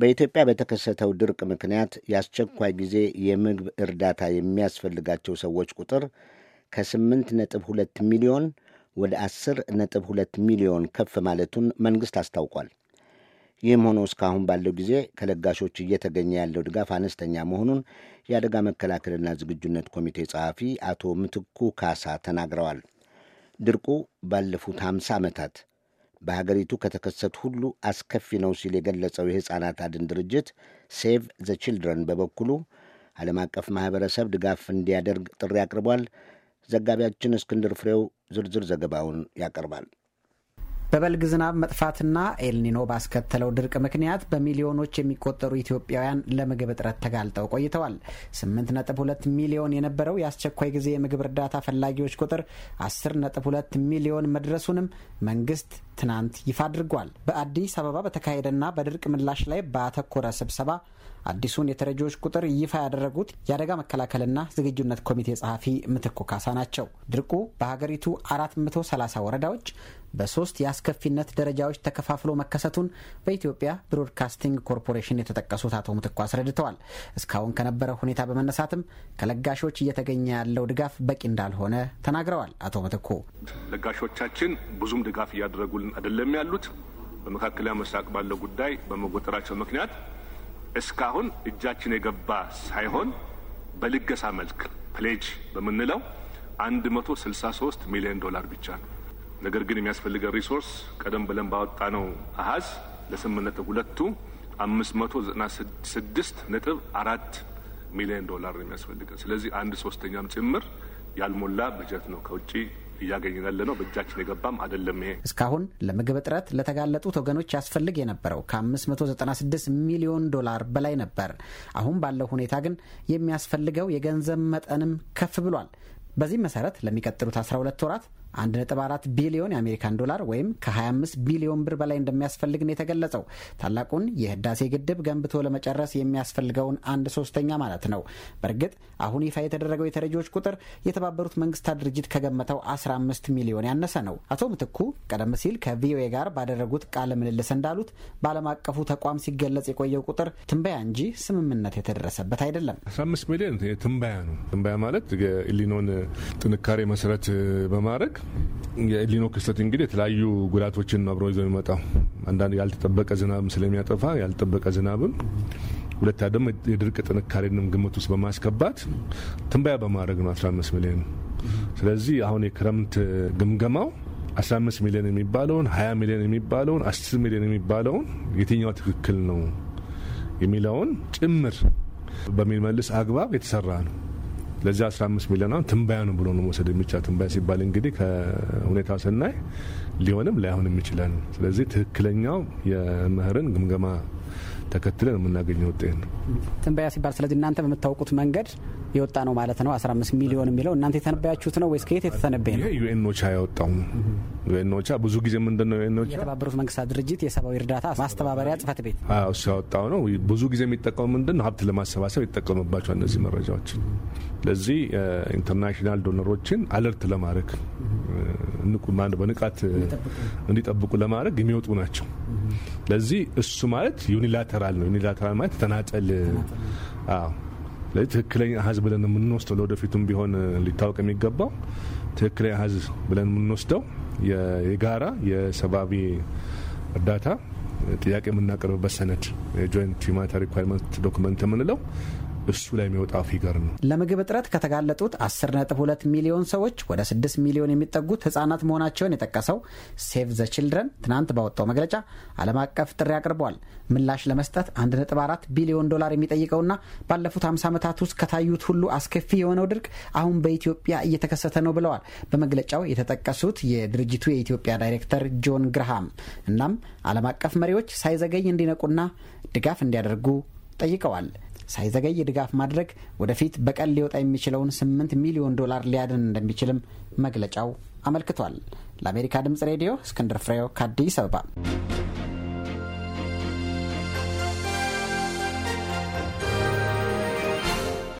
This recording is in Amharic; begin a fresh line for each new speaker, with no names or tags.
በኢትዮጵያ በተከሰተው ድርቅ ምክንያት የአስቸኳይ ጊዜ የምግብ እርዳታ የሚያስፈልጋቸው ሰዎች ቁጥር ከ8.2 ሚሊዮን ወደ 10.2 ሚሊዮን ከፍ ማለቱን መንግሥት አስታውቋል። ይህም ሆኖ እስካሁን ባለው ጊዜ ከለጋሾች እየተገኘ ያለው ድጋፍ አነስተኛ መሆኑን የአደጋ መከላከልና ዝግጁነት ኮሚቴ ጸሐፊ አቶ ምትኩ ካሳ ተናግረዋል። ድርቁ ባለፉት 50 ዓመታት በሀገሪቱ ከተከሰቱ ሁሉ አስከፊ ነው ሲል የገለጸው የሕፃናት አድን ድርጅት ሴቭ ዘ ችልድረን በበኩሉ ዓለም አቀፍ ማኅበረሰብ ድጋፍ እንዲያደርግ ጥሪ አቅርቧል። ዘጋቢያችን እስክንድር ፍሬው ዝርዝር ዘገባውን ያቀርባል።
በበልግ ዝናብ መጥፋትና ኤልኒኖ ባስከተለው ድርቅ ምክንያት በሚሊዮኖች የሚቆጠሩ ኢትዮጵያውያን ለምግብ እጥረት ተጋልጠው ቆይተዋል። 8.2 ሚሊዮን የነበረው የአስቸኳይ ጊዜ የምግብ እርዳታ ፈላጊዎች ቁጥር 10.2 ሚሊዮን መድረሱንም መንግስት ትናንት ይፋ አድርጓል። በአዲስ አበባ በተካሄደና በድርቅ ምላሽ ላይ ባተኮረ ስብሰባ አዲሱን የተረጂዎች ቁጥር ይፋ ያደረጉት የአደጋ መከላከልና ዝግጁነት ኮሚቴ ጸሐፊ ምትኩ ካሳ ናቸው። ድርቁ በሀገሪቱ 430 ወረዳዎች በሶስት የአስከፊነት ደረጃዎች ተከፋፍሎ መከሰቱን በኢትዮጵያ ብሮድካስቲንግ ኮርፖሬሽን የተጠቀሱት አቶ ምትኩ አስረድተዋል። እስካሁን ከነበረው ሁኔታ በመነሳትም ከለጋሾች እየተገኘ ያለው ድጋፍ በቂ እንዳልሆነ ተናግረዋል። አቶ ምትኩ
ለጋሾቻችን ብዙም ድጋፍ እያደረጉልን አይደለም ያሉት በመካከለኛው ምስራቅ ባለው ጉዳይ በመጎጠራቸው ምክንያት እስካሁን እጃችን የገባ ሳይሆን በልገሳ መልክ ፕሌጅ በምንለው 163 ሚሊዮን ዶላር ብቻ ነው። ነገር ግን የሚያስፈልገን ሪሶርስ ቀደም ብለን ባወጣ አሀዝ አሃዝ ነጥብ ሁለቱ አምስት መቶ ዘጠና ስድስት ነጥብ አራት ሚሊዮን ዶላር ነው የሚያስፈልገን። ስለዚህ አንድ ሶስተኛም ጭምር ያልሞላ በጀት ነው ከውጭ እያገኘን ያለ ነው። በእጃችን የገባም አይደለም። ይሄ
እስካሁን ለምግብ እጥረት ለተጋለጡት ወገኖች ያስፈልግ የነበረው ከ596 ሚሊዮን ዶላር በላይ ነበር። አሁን ባለው ሁኔታ ግን የሚያስፈልገው የገንዘብ መጠንም ከፍ ብሏል። በዚህም መሰረት ለሚቀጥሉት 12 ወራት 1.4 ቢሊዮን የአሜሪካን ዶላር ወይም ከ25 ቢሊዮን ብር በላይ እንደሚያስፈልግ ነው የተገለጸው። ታላቁን የህዳሴ ግድብ ገንብቶ ለመጨረስ የሚያስፈልገውን አንድ ሶስተኛ ማለት ነው። በእርግጥ አሁን ይፋ የተደረገው የተረጂዎች ቁጥር የተባበሩት መንግስታት ድርጅት ከገመተው 15 ሚሊዮን ያነሰ ነው። አቶ ምትኩ ቀደም ሲል ከቪኦኤ ጋር ባደረጉት ቃለ ምልልስ እንዳሉት በዓለም አቀፉ ተቋም ሲገለጽ የቆየው ቁጥር ትንበያ እንጂ ስምምነት የተደረሰበት አይደለም።
15 ሚሊዮን ትንበያ ነው። ትንበያ ማለት የህሊናን ጥንካሬ መሰረት በማድረግ የኤሊኖ ክስተት እንግዲህ የተለያዩ ጉዳቶችን አብሮ ይዞ የሚመጣው አንዳንድ ያልተጠበቀ ዝናብ ስለሚያጠፋ ያልተጠበቀ ዝናብም ሁለታ ደግሞ የድርቅ ጥንካሬንም ግምት ውስጥ በማስገባት ትንበያ በማድረግ ነው 15 ሚሊዮን። ስለዚህ አሁን የክረምት ግምገማው 15 ሚሊዮን የሚባለውን 20 ሚሊዮን የሚባለውን 10 ሚሊዮን የሚባለውን የትኛው ትክክል ነው የሚለውን ጭምር በሚመልስ አግባብ የተሰራ ነው። ለዚህ 15 ሚሊዮን አሁን ትንበያ ነው ብሎ ነው መውሰድ የሚቻል። ትንበያ ሲባል እንግዲህ ከሁኔታ ስናይ ሊሆንም ላይሆንም ይችላል። ስለዚህ ትክክለኛው የምህርን ግምገማ ተከትለን የምናገኘው ውጤት ነው።
ትንበያ ሲባል ስለዚህ እናንተ በምታውቁት መንገድ የወጣ ነው ማለት ነው። 15 ሚሊዮን የሚለው እናንተ የተነበያችሁት ነው ወይስ ከየት የተተነበየ
ነው? ዩኤንኦቻ ያወጣው ዩኤን ዩኤንኦቻ ብዙ ጊዜ ምንድን ነው ዩኤንኦቻ
የተባበሩት መንግስታት ድርጅት የሰብአዊ እርዳታ ማስተባበሪያ ጽህፈት ቤት
እሱ ያወጣው ነው። ብዙ ጊዜ የሚጠቀሙ ምንድን ነው ሀብት ለማሰባሰብ ይጠቀምባቸዋል እነዚህ መረጃዎች። ለዚህ ኢንተርናሽናል ዶነሮችን አለርት ለማድረግ በንቃት እንዲጠብቁ ለማድረግ የሚወጡ ናቸው። ለዚህ እሱ ማለት ዩኒላተራል ነው። ዩኒላተራል ማለት ተናጠል። ትክክለኛ ሀዝ ብለን የምንወስደው ለወደፊቱም ቢሆን ሊታወቅ የሚገባው ትክክለኛ ሀዝ ብለን የምንወስደው የጋራ የሰብአዊ እርዳታ ጥያቄ የምናቀርብበት ሰነድ የጆይንት ሁማኒታሪ ሪኳርመንት ዶክመንት የምንለው እሱ ላይ የሚወጣ ፊገር ነው።
ለምግብ እጥረት ከተጋለጡት 10.2 ሚሊዮን ሰዎች ወደ 6 ሚሊዮን የሚጠጉት ህጻናት መሆናቸውን የጠቀሰው ሴቭ ዘ ችልድረን ትናንት ባወጣው መግለጫ ዓለም አቀፍ ጥሪ አቅርቧል። ምላሽ ለመስጠት 1.4 ቢሊዮን ዶላር የሚጠይቀውና ባለፉት 50 ዓመታት ውስጥ ከታዩት ሁሉ አስከፊ የሆነው ድርቅ አሁን በኢትዮጵያ እየተከሰተ ነው ብለዋል። በመግለጫው የተጠቀሱት የድርጅቱ የኢትዮጵያ ዳይሬክተር ጆን ግርሃም እናም ዓለም አቀፍ መሪዎች ሳይዘገይ እንዲነቁና ድጋፍ እንዲያደርጉ ጠይቀዋል። ሳይዘገይ ድጋፍ ማድረግ ወደፊት በቀን ሊወጣ የሚችለውን 8 ሚሊዮን ዶላር ሊያድን እንደሚችልም መግለጫው አመልክቷል። ለአሜሪካ ድምፅ ሬዲዮ እስክንድር ፍሬው ከአዲስ አበባ